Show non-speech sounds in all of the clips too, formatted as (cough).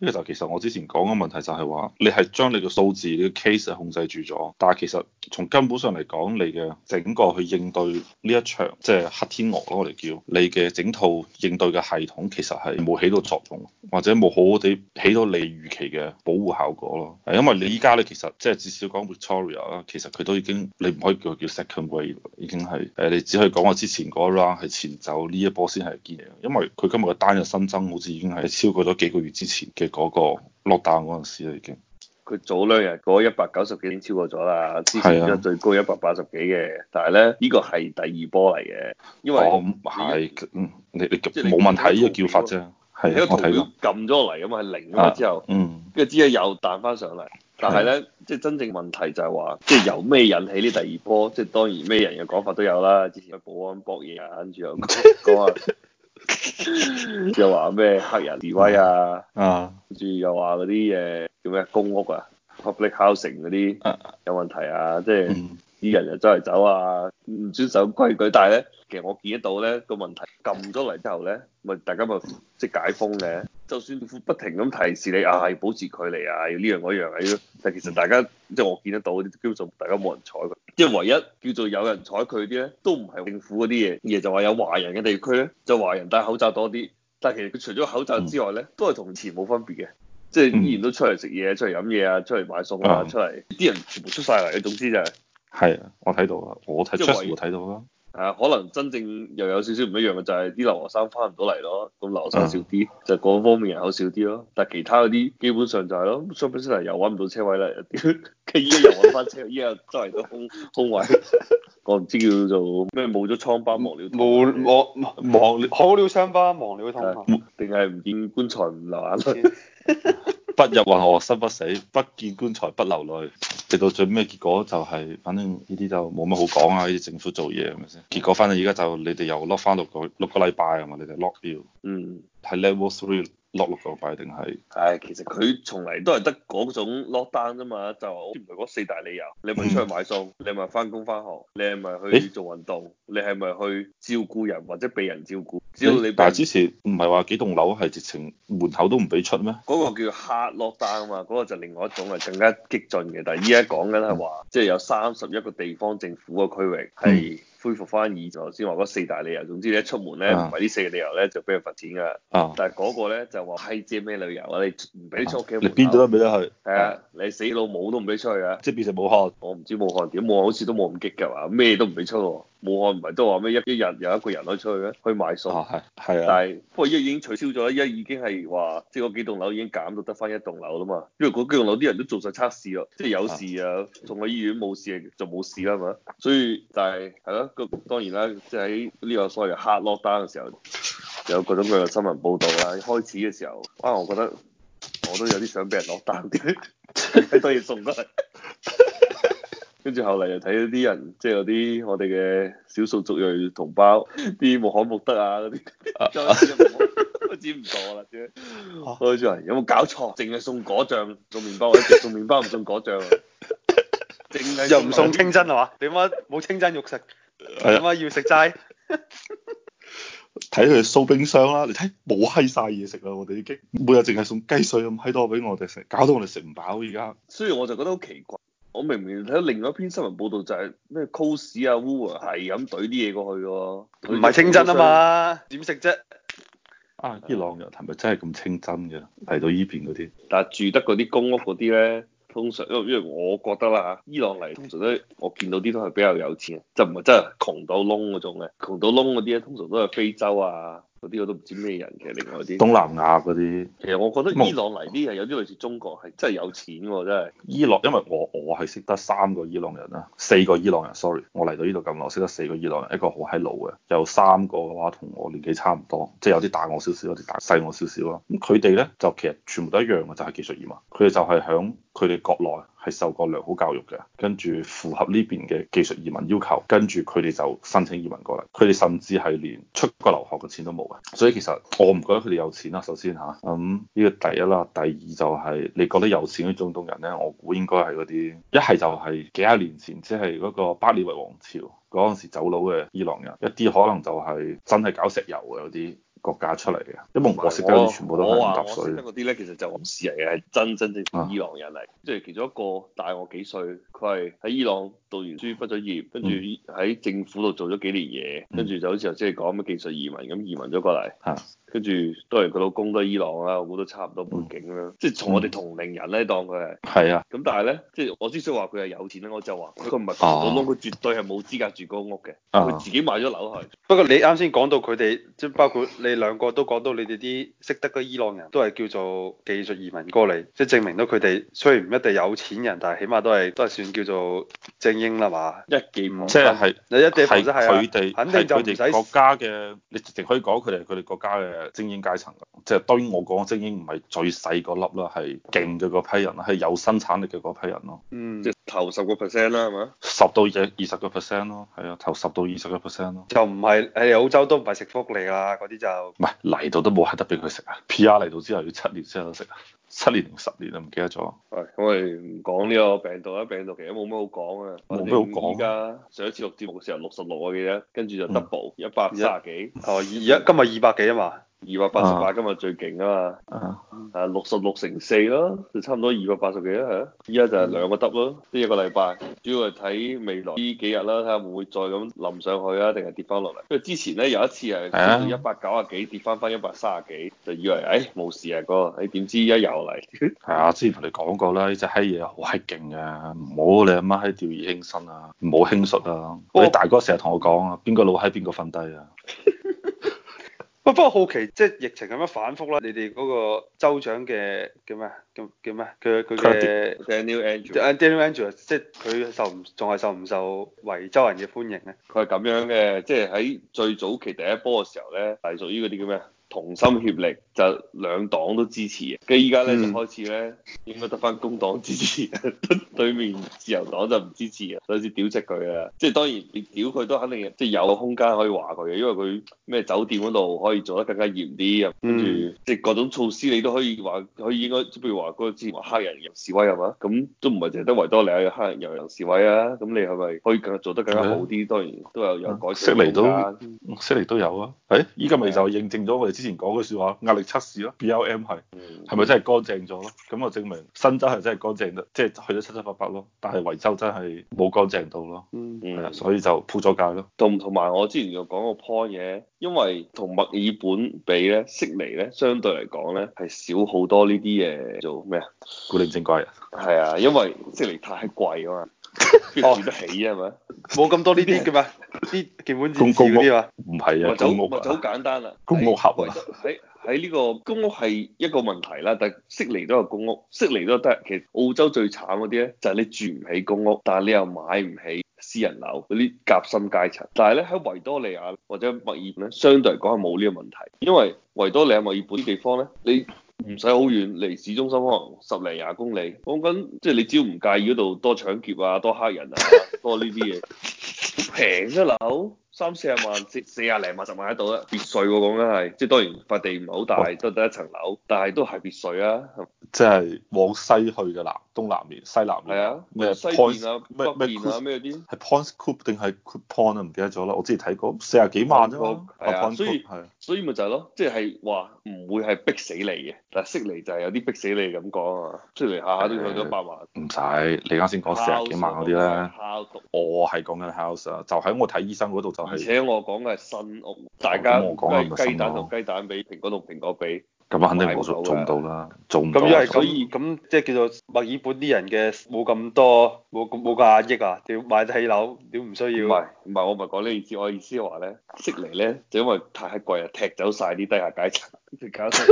呢個就其實我之前講嘅問題就係話，你係將你個數字、你個 case 係控制住咗，但係其實。從根本上嚟講，你嘅整個去應對呢一場即係黑天鵝咯，我哋叫你嘅整套應對嘅系統其實係冇起到作用，或者冇好好地起到你預期嘅保護效果咯。因為你依家咧，其實即係至少講 Victoria 啦，其實佢都已經你唔可以叫佢叫 second wave，已經係誒，你只可以講我之前嗰一 round 係前奏，呢一波先係堅嘅。因為佢今日嘅單日新增好似已經係超過咗幾個月之前嘅嗰個 lockdown 嗰陣時啦，已經。佢早兩日嗰一百九十幾已經超過咗啦，之前最高一百八十幾嘅，但係咧呢、呢個係第二波嚟嘅。因為係你、嗯、你冇你問題呢是個叫法啫，係我睇到撳咗嚟咁嘛，係零啊，之後跟住、啊嗯、之後又彈翻上嚟，但係咧是的 即係真正問題就係話即係由咩引起呢第二波？即係當然咩人嘅講法都有啦，之前嘅保安搏嘢啊，跟住、嗯、又講又話咩黑人示威啊啊，跟住又話嗰啲誒。咩公屋啊，public housing 嗰啲有問題啊，即係啲人又走嚟走啊，唔遵守規矩。但係咧，其實我見得到咧個問題撳咗嚟之後咧，咪大家咪即係解封嘅。就算政府不停咁提示你啊，要保持距離啊，要呢樣嗰樣啊，但係其實大家即係我見得到啲，基本上大家冇人睬佢。即係唯一叫做有人睬佢啲咧，都唔係政府嗰啲嘢。而就話有華人嘅地區咧，就華人戴口罩多啲。但係其實佢除咗口罩之外咧，都係同前冇分別嘅。即係、嗯、依然都出嚟食嘢，出嚟飲嘢啊，出嚟買餸啊，出嚟啲、嗯、人全部出晒嚟嘅。總之就係、係、係啊，我睇到啊，我睇出嚟我睇到啦。誒、啊，可能真正又有少少唔一樣嘅就係、是、啲留學生翻唔到嚟咯，咁留學生少啲，嗯、就嗰方面人口少啲咯。但係其他嗰啲基本上就係咯 shopping centre 又搵唔到車位咧，屌，佢依家又搵翻車，依家周圍都空 (laughs) 空位，我唔知叫做咩，冇咗瘡疤忘了，冇忘忘好了瘡疤忘了痛，定係唔見棺材唔流眼淚。 (laughs) (laughs) 不入雲河心不死，不見棺材不流淚。直到最尾結果就係，反正呢啲就冇乜好講啊。啲政府做嘢係咪先？結果反正而家就你哋又 lock 翻六個六個禮拜係嘛？你哋 lock 嗯。喺 level three lock 六個禮拜定係？唉、哎，其實佢從嚟都係得嗰種 lock 單啫嘛。就唔前嗰四大理由，你咪出去買餸？嗯、你咪翻工翻學？你係咪去做運動？欸、你係咪去照顧人或者被人照顧？你但係之前唔係話幾棟樓係直情門口都唔俾出咩？嗰個叫 hard lockdown 啊嘛，嗰、嗰個就另外一種係更加激進嘅。但係依家講緊係話，嗯、即係有三十一個地方政府嘅區域係恢復翻以頭先話嗰四大理由。總之你一出門咧，唔係呢四個理由咧，就俾人罰錢㗎。啊、但係嗰個咧就話，係借咩理由啊？你唔俾出屋企門口、啊、你邊度都俾得去。係啊，你死老母都唔俾出去啊！即變成武漢，我唔知武漢點。武漢好似都冇咁激㗎嘛，咩都唔俾出喎。武漢唔係都話咩一一日有一個人可以出去咩？去買餸。啊係、哦，係啊。但係不過一已經取消咗，一已經係話，即係嗰幾棟樓已經減到得翻一棟樓啦嘛。因為嗰幾棟樓啲人都做晒測試咯，即、就、係、是、有事啊，送喺、啊、醫院冇事就冇事啦嘛。所以但係係咯，當然啦，即係喺呢個所謂 hard lockdown 嘅時候，有各種各樣新聞報道啦。開始嘅時候，啊，我覺得我都有啲想俾人 lockdown 嘅，真係奇怪。跟住後嚟又睇到啲人，即係嗰啲我哋嘅少數族裔同胞，啲穆罕默德啊嗰啲，我知唔到啦。跟、啊、住，跟、 (laughs) 啊、有冇搞錯、啊？淨係送果醬，做麵送，麵送，果醬送麵包，送麵包唔送果醬，淨係又唔送清真係嘛？點解冇清真肉食？點解要食齋？睇佢掃冰箱啦！你睇冇閪晒嘢食啦，我哋已經每日淨係送雞碎咁閪多俾我哋食，搞到我哋食唔飽而、啊、家。 (laughs) (laughs) 雖然我就覺得好奇怪。我明明睇到另外一篇新聞報導就係咩 kos 啊，wawa 係咁懟啲嘢過去㗎喎，唔係清真啊嘛，點食啫？啊，伊朗人係咪真係咁清真嘅？嚟到依邊嗰啲，但係住得嗰啲公屋嗰啲咧，通常因為因為我覺得啦，伊朗嚟，通常都我見到啲都係比較有錢，就唔係真係窮到窿嗰種嘅，窮到窿嗰啲咧通常都係非洲啊。嗰啲我都唔知咩人嘅，另外啲東南亞嗰啲，其實我覺得伊朗嚟啲係有啲類似中國，係真係有錢喎，真係。伊朗因為我我係識得三個伊朗人啦，四個伊朗人，sorry，我嚟到呢度咁耐識得四個伊朗人，一個好閪老嘅，有三個嘅話同我年紀差唔多，即係有啲大我少少，有啲大細我少少啦。咁佢哋咧就其實全部都一樣嘅，就係技術移民，佢哋就係響。佢哋國內係受過良好教育嘅，跟住符合呢邊嘅技術移民要求，跟住佢哋就申請移民過嚟。佢哋甚至係連出國留學嘅錢都冇嘅，所以其實我唔覺得佢哋有錢啦。首先嚇咁呢個第一啦，第二就係、係、你覺得有錢嗰啲中東人呢，我估應該係嗰啲一係就係幾廿年前即係嗰個巴列維王朝嗰陣時走佬嘅伊朗人，一啲可能就係真係搞石油嘅嗰啲。國家出嚟嘅，因為識我食嗰啲全部都係淡水我我識。我話我嗰啲咧，其實就咁唔嘅，係真真正正伊朗人嚟，即係、啊、其中一個大我幾歲，佢係喺伊朗讀完書畢咗業，跟住喺政府度做咗幾年嘢，跟住、嗯、就好似頭先你講咁技術移民咁移民咗過嚟。啊跟住，當然佢老公都係伊朗啦，我估都差唔多背景啦。即係從我哋同齡人咧，當佢係係啊。咁但係咧，即係我之所以話佢係有錢咧，我就話佢唔係冇窿，佢、啊、絕對係冇資格住嗰間屋嘅。佢、啊、自己買咗樓去。不過你啱先講到佢哋，即係包括你兩個都講到你哋啲識得嘅伊朗人，都係叫做技術移民過嚟，即係證明到佢哋雖然唔一定有錢人，但係起碼都係都係算叫做精英啦嘛。一件、就是、即係係佢哋，肯定就唔使國家嘅，你直情可以講佢哋佢哋國家嘅。誒精英階層，即係當然我講精英唔係最細嗰粒啦，係勁嘅嗰批人啦，係有生產力嘅嗰批人咯。嗯，即係頭十個 percent 啦，係咪？十到二十個 percent 咯，係啊，頭十到二十個 percent 咯。就唔係喺澳洲都唔係食福利啊，嗰啲就唔係嚟到都冇，係得俾佢食啊！PR 嚟到之後要七年先得食，啊，七年定十年都唔記得咗。係、哎，我哋唔講呢個病毒啦、啊，病毒其實冇乜好講啊，冇乜好講㗎、啊。上一次錄節目嘅時候六十六，我記得，跟住就 double 一百卅幾。哦，而家今日二百幾啊嘛～二百八十八今日最勁啊嘛，係六十六乘四咯，就差唔多二百八十幾啦嚇。依家、啊、就係兩個得咯，呢、嗯、一個禮拜。主要係睇未來呢幾日啦，睇下會唔會再咁冧上去啊，定係跌翻落嚟。因為之前咧有一次係一百九啊幾跌翻翻一百三十幾，就以為誒冇、哎、事啊個，你點知依家又嚟？係 (laughs) 啊，之前同你講過啦，呢隻閪嘢好閪勁啊，唔好你阿媽喺掉以輕身啊，唔好輕率啊。我、哦、大哥成日同我講啊，邊個老閪邊個瞓低啊。不不過好奇，即係疫情咁樣反覆啦。你哋嗰個州長嘅叫咩？叫叫咩？佢佢嘅 Daniel Andrew，Daniel Andrew，即係佢受唔仲係受唔受維州人嘅歡迎咧？佢係咁樣嘅，即係喺最早期第一波嘅時候咧，係屬於嗰啲叫咩？同心協力就兩黨都支持嘅，咁依家咧就開始咧，應該得翻工黨支持， (laughs) 對面自由黨就唔支持啊，所以屌斥佢啊，即係當然你屌佢都肯定即係有個空間可以話佢嘅，因為佢咩酒店嗰度可以做得更加嚴啲，跟住、嗯、即係各種措施你都可以話可以應該，即譬如話之前話黑人遊示威係嘛，咁都唔係淨係得維多利亞嘅黑人遊遊示威啊，咁你係咪可以更做得更加好啲？哎、當然都有有改善啦，悉、啊、尼都悉尼都有啊，誒依家咪就認證咗我哋之前講句説話，壓力測試咯，BLM 係，係咪真係乾淨咗咯？咁就證明新州係真係乾淨得，即係去得七七八八咯。但係維州真係冇乾淨到咯，係啊、嗯，所以就鋪咗價咯。同同埋我之前又講個 point 嘢，因為同墨爾本比咧，悉尼咧相對嚟講咧係少好多呢啲嘢做咩啊？古靈精怪係啊，因為悉尼太貴啊嘛。住得起啊，係咪屋？冇咁多呢啲嘅嘛，啲基本住屋啲嘛，唔係啊，就好簡單啦，啊這個，公屋合啊，喺喺呢個公屋係一個問題啦，但悉尼都有公屋，悉尼都得。其實澳洲最慘嗰啲咧，就係你住唔起公屋，但係你又買唔起私人樓嗰啲夾心階層。但係咧喺維多利亞或者墨爾本咧，相對嚟講係冇呢個問題，因為維多利亞墨爾本啲地方咧，你。唔使好遠，離市中心可能十零廿公里。講緊即係你只要唔介意嗰度多搶劫啊，多黑人啊，多呢啲嘢。平一樓，三四十萬，四四廿零萬、十萬喺度啦。別墅，講緊係即係當然塊地唔係好大，都得一層樓，但係都係別墅啊。說著說著即係哇、啊、往西去嘅喇。東南面、西南面係啊，咩？Point 咩咩啲？係 Point coup 定係 coup Point 啊？唔記得咗啦。我之前睇過四十幾萬啫嘛。所以所以咪就係、就、咯、是，即係話唔會係逼死你嘅。嗱，悉尼就係有啲逼死你咁講啊。悉尼下下都去咗百萬。唔使、啊，你啱先講四十幾萬嗰啲咧。我係講緊 house 啊，就喺我睇醫生嗰度就係、是。而且我講嘅係新屋，大家唔係、哦嗯、雞蛋同雞蛋比，蘋果同蘋果比。咁肯定冇做做唔到啦，做唔到。咁因為所以咁即係叫做墨爾本啲人嘅冇咁多，冇冇咁多亞裔啊，屌買得起 (laughs) 樓，屌唔需要。唔係唔係，我唔係講呢意思呢，我意思話咧，悉尼咧就是、因為太貴啊，踢走晒啲低下階層，屌搞曬，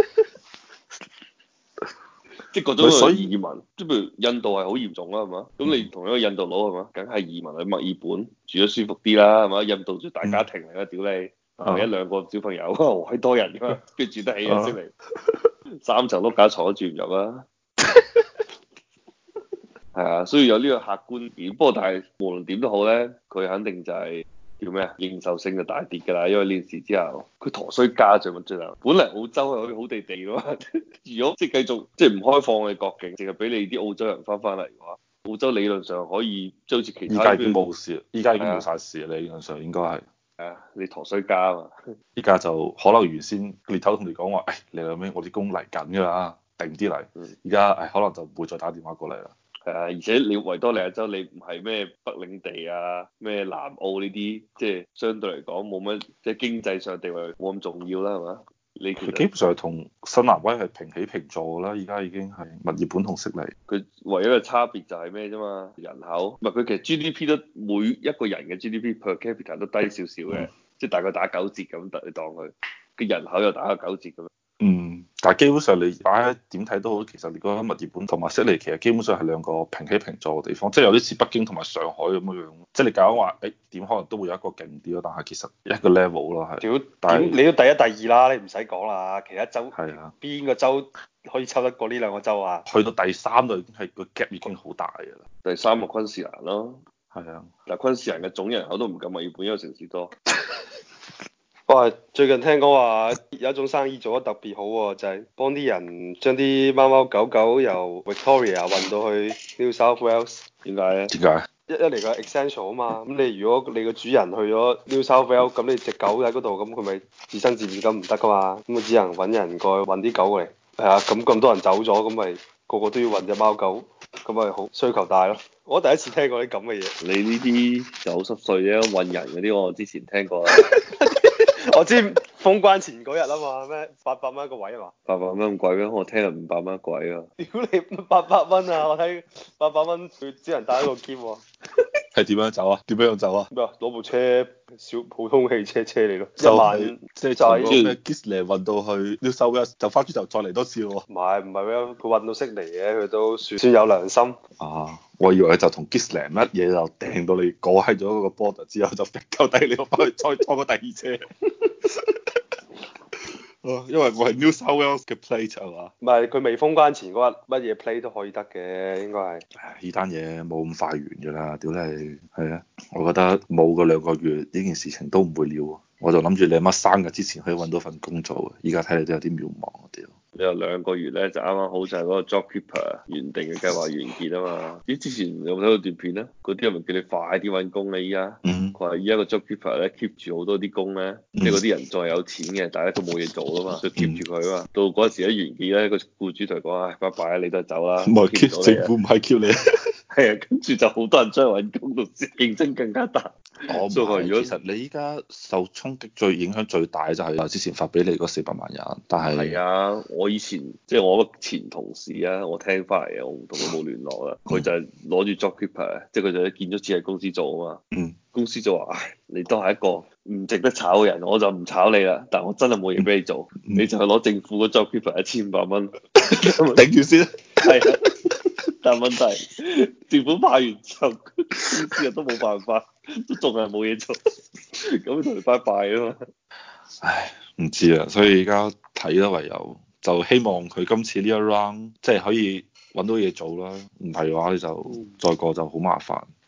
即係嗰種。所以移民即係譬如印度係好嚴重啊，係嘛？咁、嗯、你同一個印度佬係嘛？梗係移民去墨爾本住咗舒服啲啦，係嘛？印度做大家庭嚟啦，屌你。係一兩個小朋友，哇！多人跟住住得起啊先嚟，啊，三層碌架坐住唔入啊。係 (laughs) 啊，所以有呢個客觀點。不過但係無論點都好咧，佢肯定就係叫咩啊？認受性就大跌噶啦。因為呢件事之後，佢陀衰家長最難。本嚟澳洲係可以好地地噶嘛，如果即係繼續即係唔開放嘅國境，淨係俾你啲澳洲人翻翻嚟嘅話，澳洲理論上可以即好似其他。依家已經冇事，依家已經冇晒事，是啊、理論上應該係。誒、啊，你陀衰家啊嘛！依家就可能原先獵頭同你講話，誒，你諗咩？哎、我啲工嚟緊㗎啦，定啲嚟。而家誒，可能就唔會再打電話過嚟啦。係啊，而且你維多利亞州你唔係咩北領地啊，咩南澳呢啲，即係相對嚟講冇乜，即係經濟上地位冇咁重要啦，係嘛？佢基本上係同新南威係平起平坐啦，而家已經係物業本同食嚟，佢唯一嘅差別就係咩啫嘛？人口，唔係佢其實 GDP 都每一個人嘅 GDP per capita 都低少少嘅，即係 (laughs) 大概打九折咁，你當佢嘅人口又打個九折咁。嗯，但係基本上你，唉，點睇都好，其實你講緊墨爾本同埋悉尼，其實基本上係兩個平起平坐嘅地方，即係有啲似北京同埋上海咁嘅樣。即係你講話，誒、欸、點可能都會有一個勁啲咯，但係其實一個 level 咯係。屌，點你都第一第二啦，你唔使講啦，其他州邊、啊、個州可以抽得過呢兩個州啊？去到第三就已經係個 gap 已經好大嘅啦。第三個昆士蘭咯，係啊，嗱，昆士蘭嘅總人口都唔夠墨爾本一個城市多。 (laughs) 最近聽講話有一種生意做得特別好喎、啊，就係、是、幫啲人將啲貓貓狗狗由 Victoria 運到去 New South Wales，點解咧？點解？一一嚟個 essential 啊嘛，咁你如果你個主人去咗 New South Wales，咁你隻狗喺嗰度，咁佢咪自生自滅，咁唔得噶嘛，咁啊只能揾人過去運啲狗嚟，係啊，咁咁多人走咗，咁咪個個都要運隻貓狗，咁咪好需求大咯。我第一次聽過啲咁嘅嘢。你呢啲就好濕碎啫，運人嗰啲我之前聽過 (laughs) 我知封關前嗰日啊嘛，咩八百蚊一個位啊嘛。八百蚊咁貴咩？我聽人五百蚊貴啊。屌你八百蚊啊！我睇八百蚊佢只能帶一個劍喎、哦。 (laughs) 係點樣走啊？點樣樣走啊？唔係攞部車小普通汽車車嚟咯，就萬即係揸喺啲 Gisler 運到去。要收嘅就翻轉頭再嚟多次咯。唔係唔係咩？佢運到悉尼嘅，佢都算算有良心。啊，我以為佢就同 Gisler 乜嘢就掟到你過喺咗嗰個 border 之後，就掉低你翻去再拖個第二車。 (laughs) (laughs) 因為我係 New South Wales 嘅 player 嘛，唔係佢未封關前嗰日乜嘢 play 都可以得嘅，應該係。呢單嘢冇咁快完㗎啦，屌你，係啊！我覺得冇嗰兩個月呢件事情都唔會了，我就諗住你阿媽生日之前可以揾到份工作，依家睇嚟都有啲渺茫啲咯。有又兩個月咧，就啱啱好就係嗰個 job keeper 原定嘅計劃完結啊嘛？咦，之前有冇睇過段片咧？嗰啲人咪叫你快啲揾工你依家，佢話依家個 job keeper 咧 keep 住好多啲工咧，mm hmm. 即係嗰啲人再有錢嘅，大家都冇嘢做啊嘛，就 keep 住佢啊嘛。到嗰陣時一完結咧，個雇主就講：，唉、哎，拜拜你都走啦。唔係 keep 政府唔係 keep 你，係 (laughs) (laughs) 啊，跟住就好多人出嚟揾工，同時競爭更加大。我不過，如果其實你依家受衝擊最影響最大就係之前發俾你嗰四百萬人，但係係啊！我以前即係我個前同事啊，我聽翻嚟，我同佢冇聯絡啦。佢就係攞住 jobkeeper，即係佢就喺建築設計公司做啊嘛。公司就話：，唉，你都係一個唔值得炒嘅人，我就唔炒你啦。但我真係冇嘢俾你做，你就係攞政府嘅 jobkeeper 一千五百蚊頂住先。係啊，但問題政府派完就。 (laughs) 今日都冇辦法，仲係冇嘢做，咁同佢拜拜啊嘛。唉，唔知啊，所以而家睇得唯有就希望佢今次呢一 round 即係可以揾到嘢做啦。唔係嘅話，你就、嗯、再過就好麻煩。